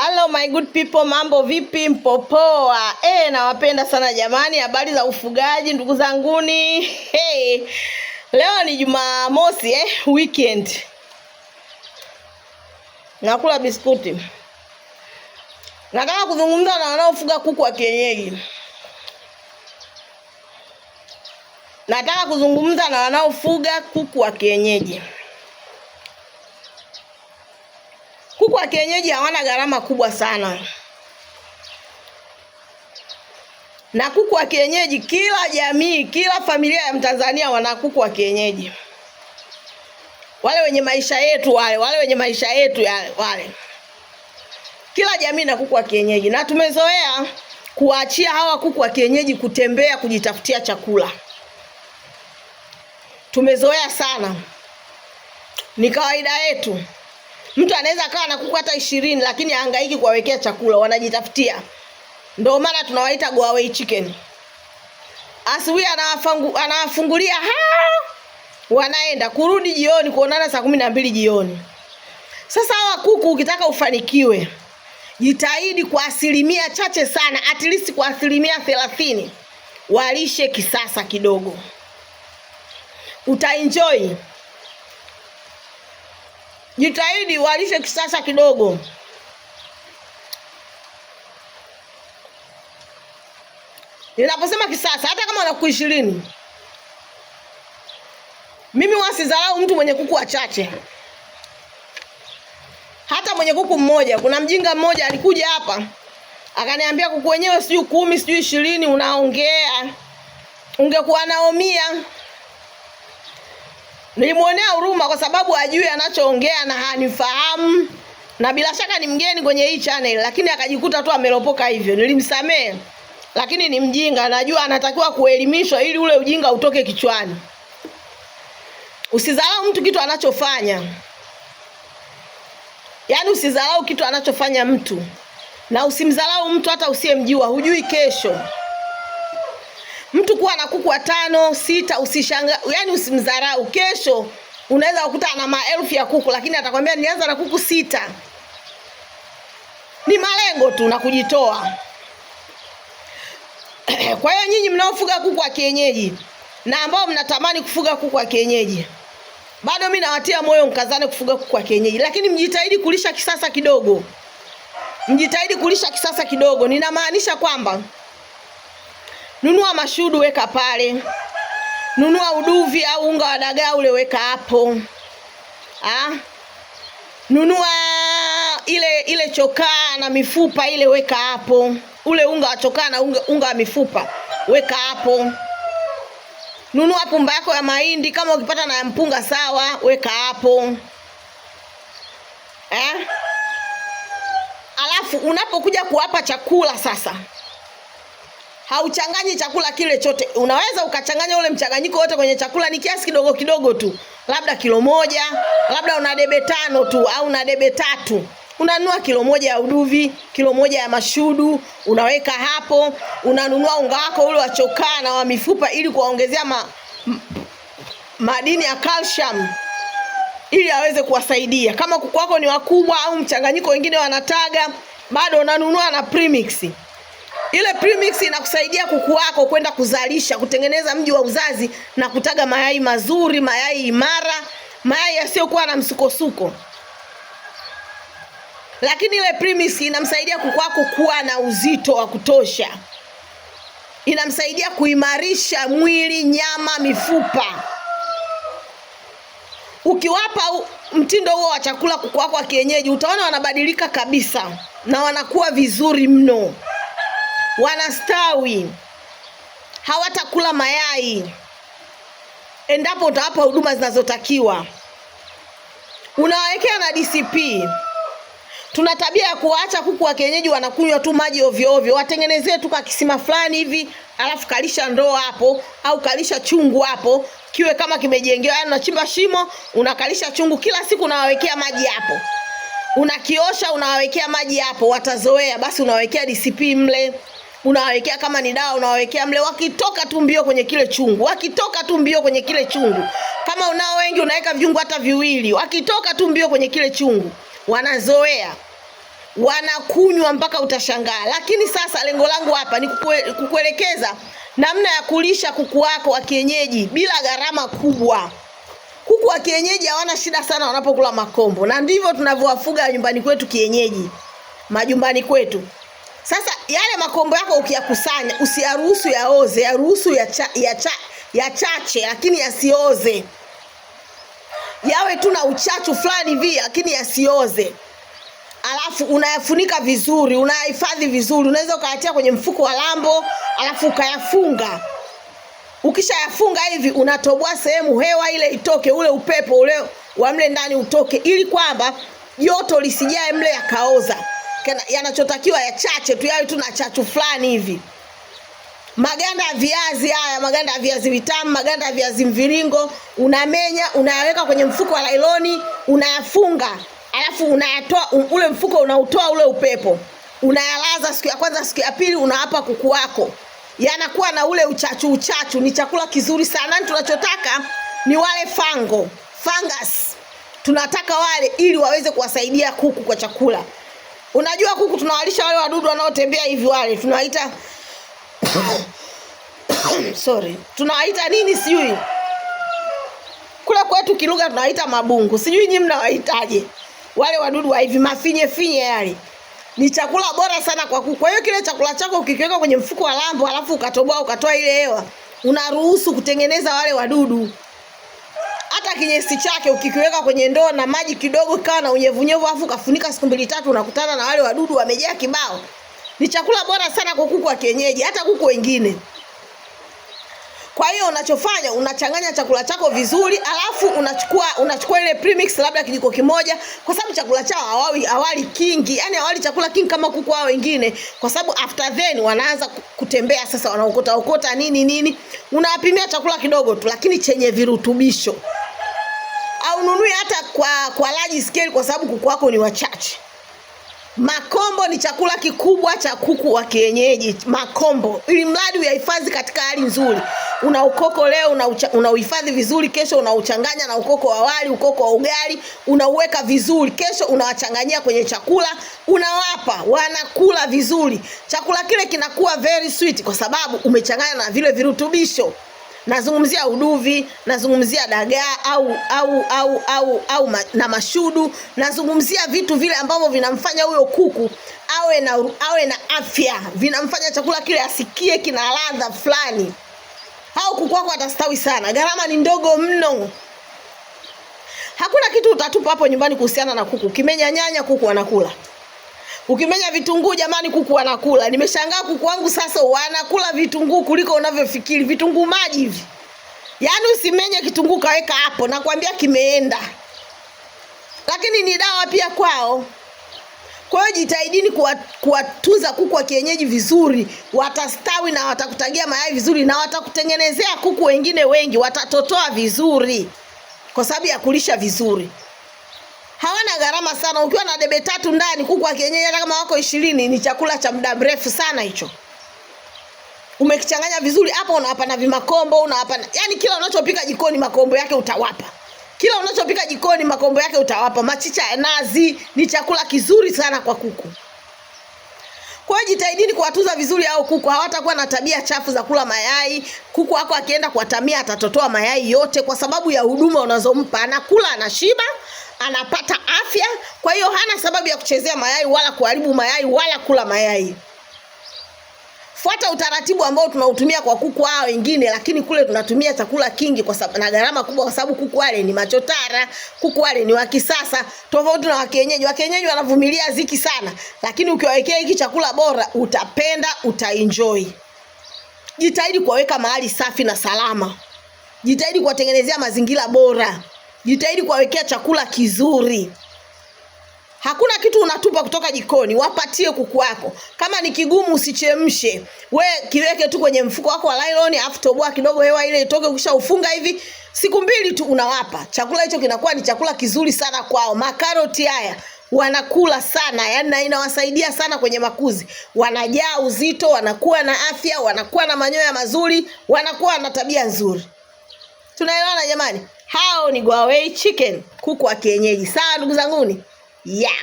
Hello my good people, mambo vipi? Mpopoa e, eh, nawapenda sana jamani. Habari za ufugaji ndugu zanguni. Hey, leo ni Jumamosi eh, weekend. Nakula biskuti. Nataka kuzungumza na wanaofuga kuku wa kienyeji. Nataka kuzungumza na wanaofuga kuku wa kienyeji. Kuku wa kienyeji hawana gharama kubwa sana, na kuku wa kienyeji, kila jamii, kila familia ya Mtanzania wana kuku wa kienyeji, wale wenye maisha yetu wale wale wenye maisha yetu yale wale, kila jamii na kuku wa kienyeji, na tumezoea kuwaachia hawa kuku wa kienyeji kutembea kujitafutia chakula, tumezoea sana, ni kawaida yetu. Mtu anaweza akawa kuku hata ishirini, lakini ahangaiki kuwawekea chakula, wanajitafutia. Ndio maana tunawaita go away chicken. Asubuhi anawafungulia ha, wanaenda kurudi jioni, kuonana saa kumi na mbili jioni. Sasa hawa kuku, ukitaka ufanikiwe, jitahidi kwa asilimia chache sana, at least kwa asilimia thelathini walishe kisasa kidogo, utaenjoy jitahidi walishe kisasa kidogo. Ninaposema kisasa, hata kama wana kuku ishirini, mimi wasizalau mtu mwenye kuku wachache, hata mwenye kuku mmoja. Kuna mjinga mmoja alikuja hapa akaniambia kuku wenyewe sijui kumi sijui ishirini, unaongea ungekuwa naomia Nilimwonea huruma kwa sababu ajui anachoongea na hanifahamu, na bila shaka ni mgeni kwenye hii channel, lakini akajikuta tu amelopoka hivyo. Nilimsamehe, lakini ni mjinga, najua anatakiwa kuelimishwa ili ule ujinga utoke kichwani. Usizalau mtu kitu anachofanya, yaani usizalau kitu anachofanya mtu, na usimzalau mtu hata usiyemjua, hujui kesho. Mtu kuwa na kuku watano sita, usishanga, yani usimdharau. Kesho unaweza kukuta na maelfu ya kuku, lakini atakwambia nianza na kuku sita. Ni malengo tu na kujitoa. Kwa hiyo nyinyi mnaofuga kuku wa kienyeji na ambao mnatamani kufuga kuku wa kienyeji, bado mimi nawatia moyo mkazane kufuga kuku wa kienyeji, lakini mjitahidi kulisha kisasa kidogo, mjitahidi kulisha kisasa kidogo. Ninamaanisha kwamba Nunua mashudu weka pale, nunua uduvi au unga wa dagaa ule weka hapo ha? Ah. Nunua ile ile chokaa na mifupa ile weka hapo, ule unga wa chokaa na unga, unga wa mifupa weka hapo. Nunua pumba yako ya mahindi, kama ukipata na ya mpunga sawa, weka hapo eh? Alafu unapokuja kuwapa chakula sasa hauchanganyi chakula kile chote. Unaweza ukachanganya ule mchanganyiko wote kwenye chakula, ni kiasi kidogo kidogo tu, labda kilo moja, labda una debe tano tu au una debe tatu unanunua kilo moja ya uduvi, kilo moja ya mashudu, unaweka hapo. Unanunua unga wako ule wa chokaa na wa mifupa, ili kuwaongezea ma, madini ya calcium, ili aweze kuwasaidia. Kama kuku wako ni wakubwa au mchanganyiko wengine wanataga, bado unanunua na premix. Ile premix inakusaidia kuku wako kwenda kuzalisha, kutengeneza mji wa uzazi na kutaga mayai mazuri, mayai imara, mayai yasiyokuwa na msukosuko. Lakini ile premix inamsaidia kuku wako kuwa na uzito wa kutosha, inamsaidia kuimarisha mwili, nyama, mifupa. Ukiwapa mtindo huo wa chakula kuku wako wa kienyeji, utaona wanabadilika kabisa na wanakuwa vizuri mno wanastawi, hawatakula mayai endapo utawapa huduma zinazotakiwa. Unawawekea na DCP. Tuna tabia ya kuwaacha kuku wa kienyeji wanakunywa tu maji ovyo ovyo, watengenezee tu kisima fulani hivi, alafu kalisha ndoo hapo au kalisha chungu hapo, kiwe kama kimejengewa, yaani unachimba shimo unakalisha chungu, kila siku unawawekea maji hapo, unakiosha unawawekea maji hapo, watazoea. Basi unawawekea DCP mle unawawekea kama ni dawa unawawekea mle, wakitoka tu mbio kwenye kile chungu, wakitoka tu mbio kwenye kile chungu. Kama unao wengi, unaweka vyungu hata viwili, wakitoka tu mbio kwenye kile chungu, wanazoea wanakunywa mpaka utashangaa. Lakini sasa lengo langu hapa ni kukuelekeza namna ya kulisha kuku wako wa kienyeji bila gharama kubwa. Kuku wa kienyeji hawana shida sana wanapokula makombo, na ndivyo tunavyowafuga nyumbani kwetu kienyeji, majumbani kwetu. Sasa yale makombo yako ukiyakusanya, usiyaruhusu yaoze, yaruhusu yachache ya cha, ya chache, lakini yasioze, yawe tu na uchachu fulani hivi, lakini yasioze. Alafu unayafunika vizuri, unayahifadhi vizuri, unaweza ukayatia kwenye mfuko wa lambo, alafu ukayafunga. Ukishayafunga hivi, unatoboa sehemu hewa ile itoke, ule upepo ule wa mle ndani utoke, ili kwamba joto lisijae mle yakaoza yanachotakiwa yachache tu, yawe tu na chachu fulani hivi. Maganda ya viazi haya, maganda ya viazi vitamu, maganda ya viazi mviringo, unamenya unayaweka kwenye mfuko wa lailoni, unayafunga, alafu unayatoa ule mfuko, unautoa ule upepo, unayalaza siku ya kwanza, siku ya pili unawapa kuku wako, yanakuwa na ule uchachu. Uchachu ni chakula kizuri sana. Yaani tunachotaka ni wale fango fungus, tunataka wale, ili waweze kuwasaidia kuku kwa chakula. Unajua kuku tunawalisha wale wadudu wanaotembea hivi, wale tunawaita sorry, tunawaita nini sijui, kule kwetu kilugha tunawaita mabungu, sijui nyinyi mnawaitaje wale wadudu wa hivi mafinye finye yale ni chakula bora sana kwa kuku. Kwa hiyo kile chakula chako ukikiweka kwenye mfuko wa lambo, alafu ukatoboa ukatoa ile hewa, unaruhusu kutengeneza wale wadudu hata kinyesi chake ukikiweka kwenye ndoo na maji kidogo, kawa na unyevunyevu, afu kafunika siku mbili tatu, unakutana na wale wadudu wamejaa kibao. Ni chakula bora sana kwa kuku wa kienyeji, hata kuku wengine. Kwa hiyo unachofanya unachanganya chakula chako vizuri, alafu unachukua unachukua ile premix labda kijiko kimoja, kwa sababu chakula chao hawali awali kingi, yani hawali chakula kingi kama kuku wao wengine, kwa sababu after then wanaanza kutembea sasa, wanaokota okota nini nini. Unawapimia chakula kidogo tu, lakini chenye virutubisho ununui hata kwa kwa large scale, kwa sababu kuku wako ni wachache. Makombo ni chakula kikubwa cha kuku wa kienyeji makombo, ili mradi uyahifadhi katika hali nzuri. Una ukoko leo unauhifadhi una vizuri, kesho unauchanganya na ukoko wa wali, ukoko wa ugali, unauweka vizuri, kesho unawachanganyia kwenye chakula, unawapa wanakula vizuri. Chakula kile kinakuwa very sweet, kwa sababu umechanganya na vile virutubisho nazungumzia uduvi, nazungumzia dagaa au au au au au na mashudu, nazungumzia vitu vile ambavyo vinamfanya huyo kuku awe na awe na afya, vinamfanya chakula kile asikie kina ladha fulani, au kuku wako atastawi sana. Gharama ni ndogo mno. Hakuna kitu utatupa hapo nyumbani kuhusiana na kuku. Kimenyanyanya kuku anakula. Ukimenya vitunguu jamani, kuku wanakula. Nimeshangaa kuku wangu sasa wanakula vitunguu kuliko unavyofikiri. Vitunguu maji hivi, yaani usimenye kitunguu kaweka hapo, nakwambia kimeenda. Lakini ni dawa pia kwao. Kwa hiyo jitahidini kuwatunza kuku wa kienyeji vizuri, watastawi na watakutagia mayai vizuri na watakutengenezea kuku wengine wengi, watatotoa vizuri kwa sababu ya kulisha vizuri hawana gharama sana. Ukiwa na debe tatu ndani, kuku wa kienyeji hata kama wako ishirini, ni chakula cha muda mrefu sana hicho. Umekichanganya vizuri hapo, unawapa na vimakombo, unawapa yani, kila unachopika jikoni makombo yake utawapa kila unachopika jikoni makombo yake utawapa. Machicha ya nazi ni chakula kizuri sana kwa kuku. Kwa hiyo jitahidini kuwatunza vizuri hao kuku, hawatakuwa na tabia chafu za kula mayai. Kuku wako akienda kuatamia atatotoa mayai yote, kwa sababu ya huduma unazompa. Anakula, anashiba anapata afya. Kwa hiyo hana sababu ya kuchezea mayai wala kuharibu mayai wala kula mayai. Fuata utaratibu ambao tunautumia kwa kuku hao wengine, lakini kule tunatumia chakula kingi kwa sababu na gharama kubwa, kwa sababu kuku wale ni machotara, kuku wale ni wa kisasa, tofauti na wakienyeji. Wakienyeji wanavumilia ziki sana, lakini ukiwawekea hiki chakula bora, utapenda, utaenjoy. Jitahidi kuwaweka mahali safi na salama, jitahidi kuwatengenezea mazingira bora jitahidi kuwawekea chakula kizuri. Hakuna kitu unatupa kutoka jikoni, wapatie kuku wako. Kama ni kigumu usichemshe, we kiweke tu kwenye mfuko wako wa nylon, afu toboa kidogo, hewa ile itoke. Ukisha ufunga hivi, siku mbili tu unawapa chakula hicho, kinakuwa ni chakula kizuri sana kwao. Makaroti haya wanakula sana, yani na inawasaidia sana kwenye makuzi. Wanajaa uzito, wanakuwa na afya, wanakuwa na manyoya mazuri, wanakuwa na tabia nzuri. Tunaelewana jamani? Hao ni Gwawei chicken, kuku wa kienyeji. Sawa ndugu zanguni, yeah.